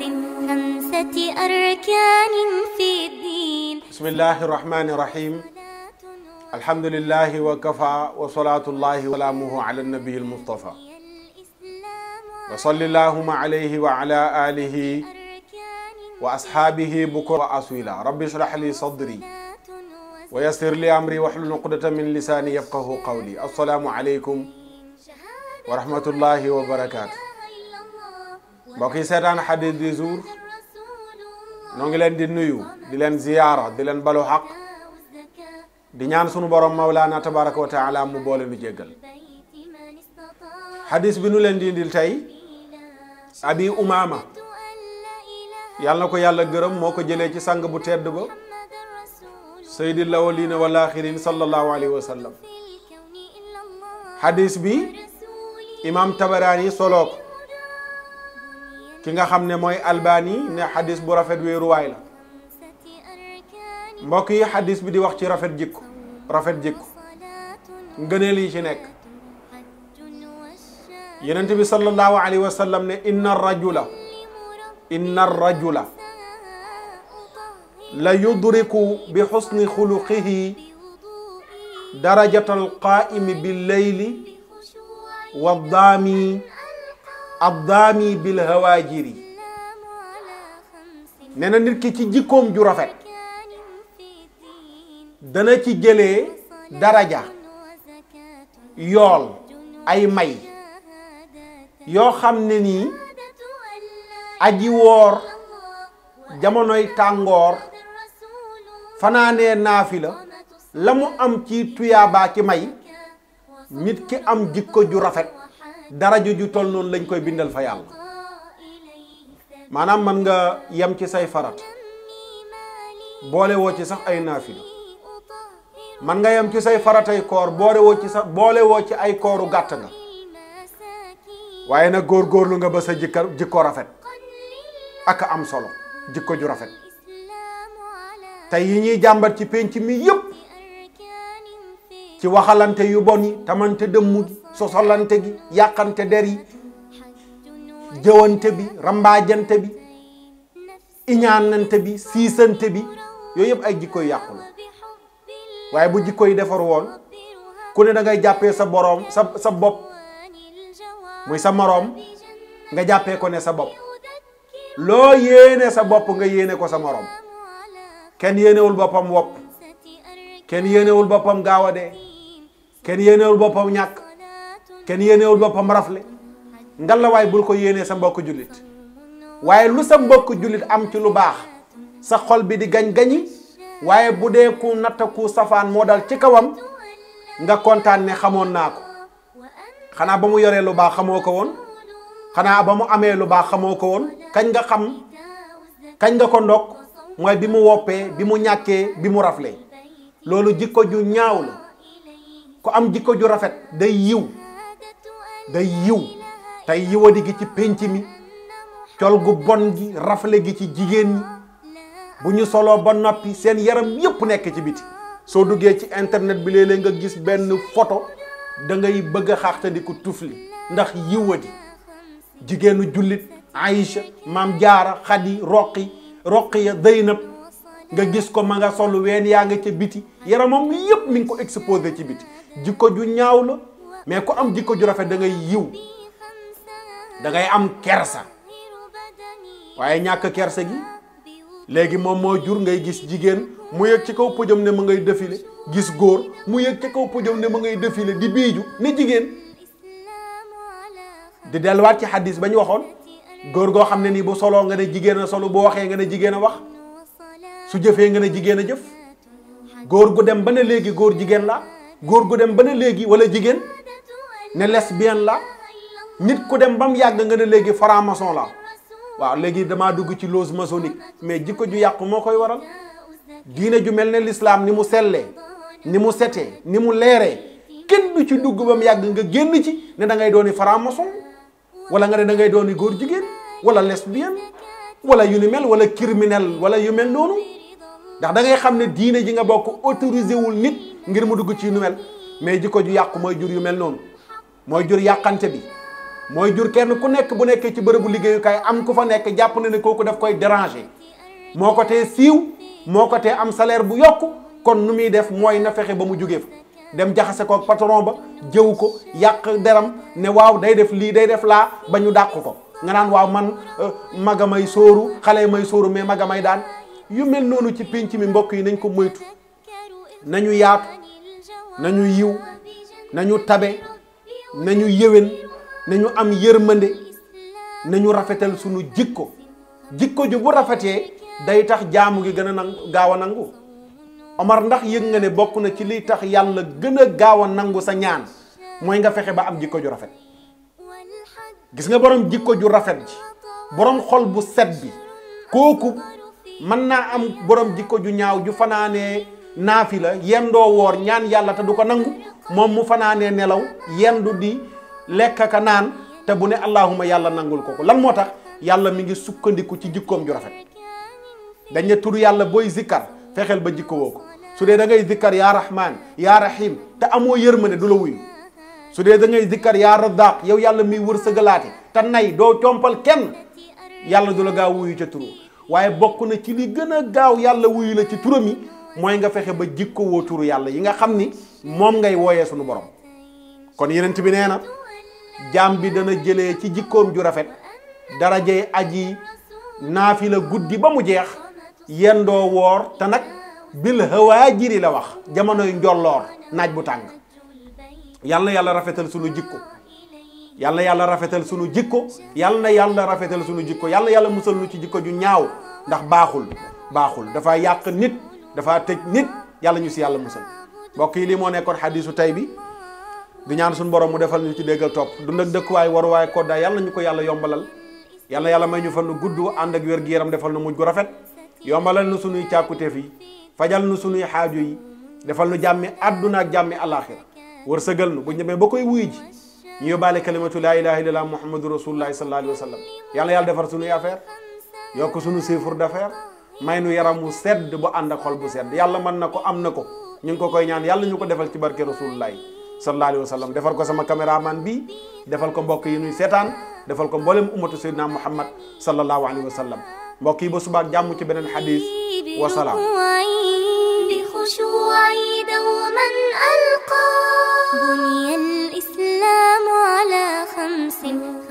من خمسة أركان في الدين بسم الله الرحمن الرحيم الحمد لله وكفى وصلاة الله وسلامه على النبي المصطفى وصل اللهم عليه وعلى آله وأصحابه بكرة وأصيلا رب اشرح لي صدري ويسر لي أمري واحلل عقدة من لساني يفقه قولي السلام عليكم ورحمة الله وبركاته mbokk yi seetaan Hadis du jour ñoo ngi leen di nuyu di leen ziyaara di leen balu xaq di ñaan sunu borom Mawlaana tabaraka wa taala mu boole nu jéggal hadis bi nu leen di indil tey abi umaama yàlla na ko yàlla gërëm moo ko jëlee ci sang bu tedd ba sayyidil awwalina wal axirin sallallahu alayhi wa sallam hadis bi imam tabaraani soloo ko ki nga xam ne mooy albani ne xadis bu rafet wéeruwaay la mbokk yi xadis bi di wax ci rafet jikko rafet jikko ngëneel yi ci nekk yenent bi sallallahu alayhi wa sallam ne inna rajula inna rajula la yudriku bi xusni xuluqihi darajata alqaimi billayli wa daami ab addaami bil hawaajiri nee na nit ki ci jikkoom ju rafet dana ci jëlee daraja yool ay may yoo xam ne nii aji woor jamonoy tàngoor fanaanee naafi la la mu am ci tuyaabaa ci may nit ki am jikko ju rafet dara ju toll noonu lañ koy bindal fa yàlla maanaam mën nga yem ci say farat boole woo ci sax ay naafila man nga yem ci say faratay koor boole woo ci sax boole woo ci ay kooru gàtt nga waaye nag góorgóorlu nga ba sa jikko jikko rafet ak am solo jikko ju rafet te yi ñuy jàmbat ci penc mi yëpp ci waxalante yu bon yi tamante dëmm gi sosolante gi yàqante der yi jëwante bi rambaajante bi iñaanante bi siisante bi yooyu yëpp ay jikko yu yàqu waaye bu jikko yi defar woon ku ne da ngay jàppee sa boroom sa bopp muy sa moroom nga jàppe ko ne sa bopp loo yéene sa bopp nga yéene ko sa moroom kenn yéenewul boppam wopp kenn yéenewul boppam gaawa a dee kenn yéenewul boppam ñàkk kenn yéenewul boppam rafle ngalawaay bul ko yéenee sa mbokk jullit waaye lu sa mbokk jullit am ci lu baax sa xol bi di gañ-gañi waaye bu dee ku natta safaan moo dal ci kawam nga kontaan ne xamoon naa ko xanaa ba mu yoree lu baax xamoo ko woon xanaa ba mu amee lu baax xamoo ko woon kañ nga xam kañ nga ko ndokk mooy bi mu woppee bi mu ñàkkee bi mu rafle loolu jikko ju ñaaw la ku am jikko ju rafet day yiw day yiw tey yiwadi gi ci penc mi col gu bon gi rafle gi ci jigéen ñi bu ñu soloo ba noppi seen yaram yépp ci biti so duggee ci internet bi léeg-léeg nga gis benn photo da ngay bëgg a xaaxtandiku tufli ndax yiwadi jigéenu jullit Aisha, maam jaara xadi roqi roqiya zeynab nga gis ko ma nga sol ween yaa nga ca biti yaramam yépp mi ngi ko exposé ci biti jikko ju ñaaw la mais am jikko ju rafet da ngay yiw da ngay am kersa waaye ñàkk kersa gi léegi moom moo jur ngay gis jigéen mu yëg ci kaw pëjam ne ma ngay défilé gis góor mu yëg ci kaw ne ma ngay défilé di biju, ni jigéen di dalwati ci xadis ba ñu waxoon góor goo xam ne nii bu soloo nga ne jigéen a solo bu waxee nga ne jigéen a wax su jëfee nga ne jigéen a jëf góor gu dem ba ne góor gu dem ba ne léegi wala jigéen ne lesbienne la nit ku dem ba mu yàgg nga ne léegi franc-maçon la waaw léegi damaa dugg ci loge maçonnique mais jikko ju yàqu moo koy waral diine ju mel ne lislaam ni mu sellee ni mu setee ni mu leeree kenn du ci dugg ba mu yàgg nga génn ci ne da ngay dooni franc-maçon wala nga ne da ngay dooni góor jigéen wala lesbienne wala yu ni mel wala criminel wala yu mel noonu ndax dangay xam ne diine ji nga bokk autorisé wul nit ngir mu dugg ci nu mel mais jikko ju yàqu mooy jur yu mel noonu mooy jur yàqante bi mooy jur kenn ku nekk bu nekkee ci bërëbu liggéeyukaay am ku fa nekk jàpp na ne kooku def koy déranger moo ko tee siiw moo ko tee am salaire bu yokk kon nu muy def mooy na fexe ba mu jugee fa dem jaxase ko ak patron ba jëw ko yàq deram ne waaw day def lii day def laa ba ñu dàq ko nga naan waaw man euh, maga may sóoru xale may sóoru mais maga may daan yu mel noonu ci pénc mi mbokk yi nañ ko moytu nañu yaatu nañu yiw nañu tabe nañu yëwen nañu am yërmande nañu rafetal sunu jikko jikko ju bu rafetee day tax jaamu gi gën a nangu gaaw nangu Omar ndax yëg nga ne bokk na ci liy tax yàlla gën a gaaw a nangu sa ñaan mooy nga fexe ba am jikko ju rafet gis nga borom jikko ju rafet ji borom xol bu set bi kooku man naa am borom jikko ju ñaaw ju fanaanee naafi la yendoo woor ñaan yàlla te du ko nangu moom mu fanaanee nelaw yendu di lekk ka naan te bu ne allahuma yàlla nangul ko ko lan moo tax yàlla mi ngi sukkandiku ci jikkoom ju rafet dañ ne tur yàlla booy zikkar fexeel ba jikko ko su dee da ngay zikkar yaa rahman yaa rahim te amoo yërmande du la wuyu su dee da ngay zikkar yaa razaq yow yàlla miy wërsëgalaate te nay doo compal kenn yàlla du la gaa wuyu ca turu waaye bokk na ci li gën a gaaw yàlla wuyu la ci turam mooy nga fexe ba jikko woo turu yàlla yi nga xam ni moom ngay wooyee sunu borom kon yenent bi nee na jaam bi dana jëlee ci jikkoom ju rafet dara darajey aji naafila guddi ba mu jeex yendoo woor te nag bil hawaajiri la wax jamonoy njolloor naaj bu tàng yàlla yàlla rafetal sunu jikko yàlla yàlla rafetal sunu jikko yàlla na yàlla rafetal sunu jikko yàlla yàlla musal nu ci jikko ju ñaaw ndax baaxul baaxul dafa yàq nit dafa tëj nit yàlla ñu si yàlla musal mbokk yi lii moo nekkoon xadiisu tay bi du ñaan suñu borom mu defal ñu ci déggal topp dund ak dëkkuwaay waruwaay koddaay yàlla ñu ko yàlla yombalal yàlla na yàlla may ñu fan nu gudd ànd ak wér gi yaram defal nu mujj gu rafet yombalal nu sunuy càkkuteef yi fajal nu sunuy xaajo yi defal nu jàmmi àdduna ak jàmmi àllaaxira wërsëgal nu bu ñu ñu yóbbaale kalimatu laa ilaha illallah muhammadu rasulullahi sallallahu alayhi wa sallam yàlla yàlla defar suñuy affaire yokk suñu chiffre d'affaires may nu yaram wu sedd bu ànd ak xol bu sedd yàlla mën na ko am na ko ñu ngi ko koy ñaan yàlla ñu ko defal ci barke rasulullahi sallallahu alayhi wa sallam defal ko sama caméraman bi defal ko mbokk yi nuy seetaan defal ko mboolem ummatu sayyidina muhammad sallallahu alayhi wa sallam mbokk yi ba subaak jàmm ci beneen xadis wasalaam وعيدا ومن ألقى بني الإسلام على خمس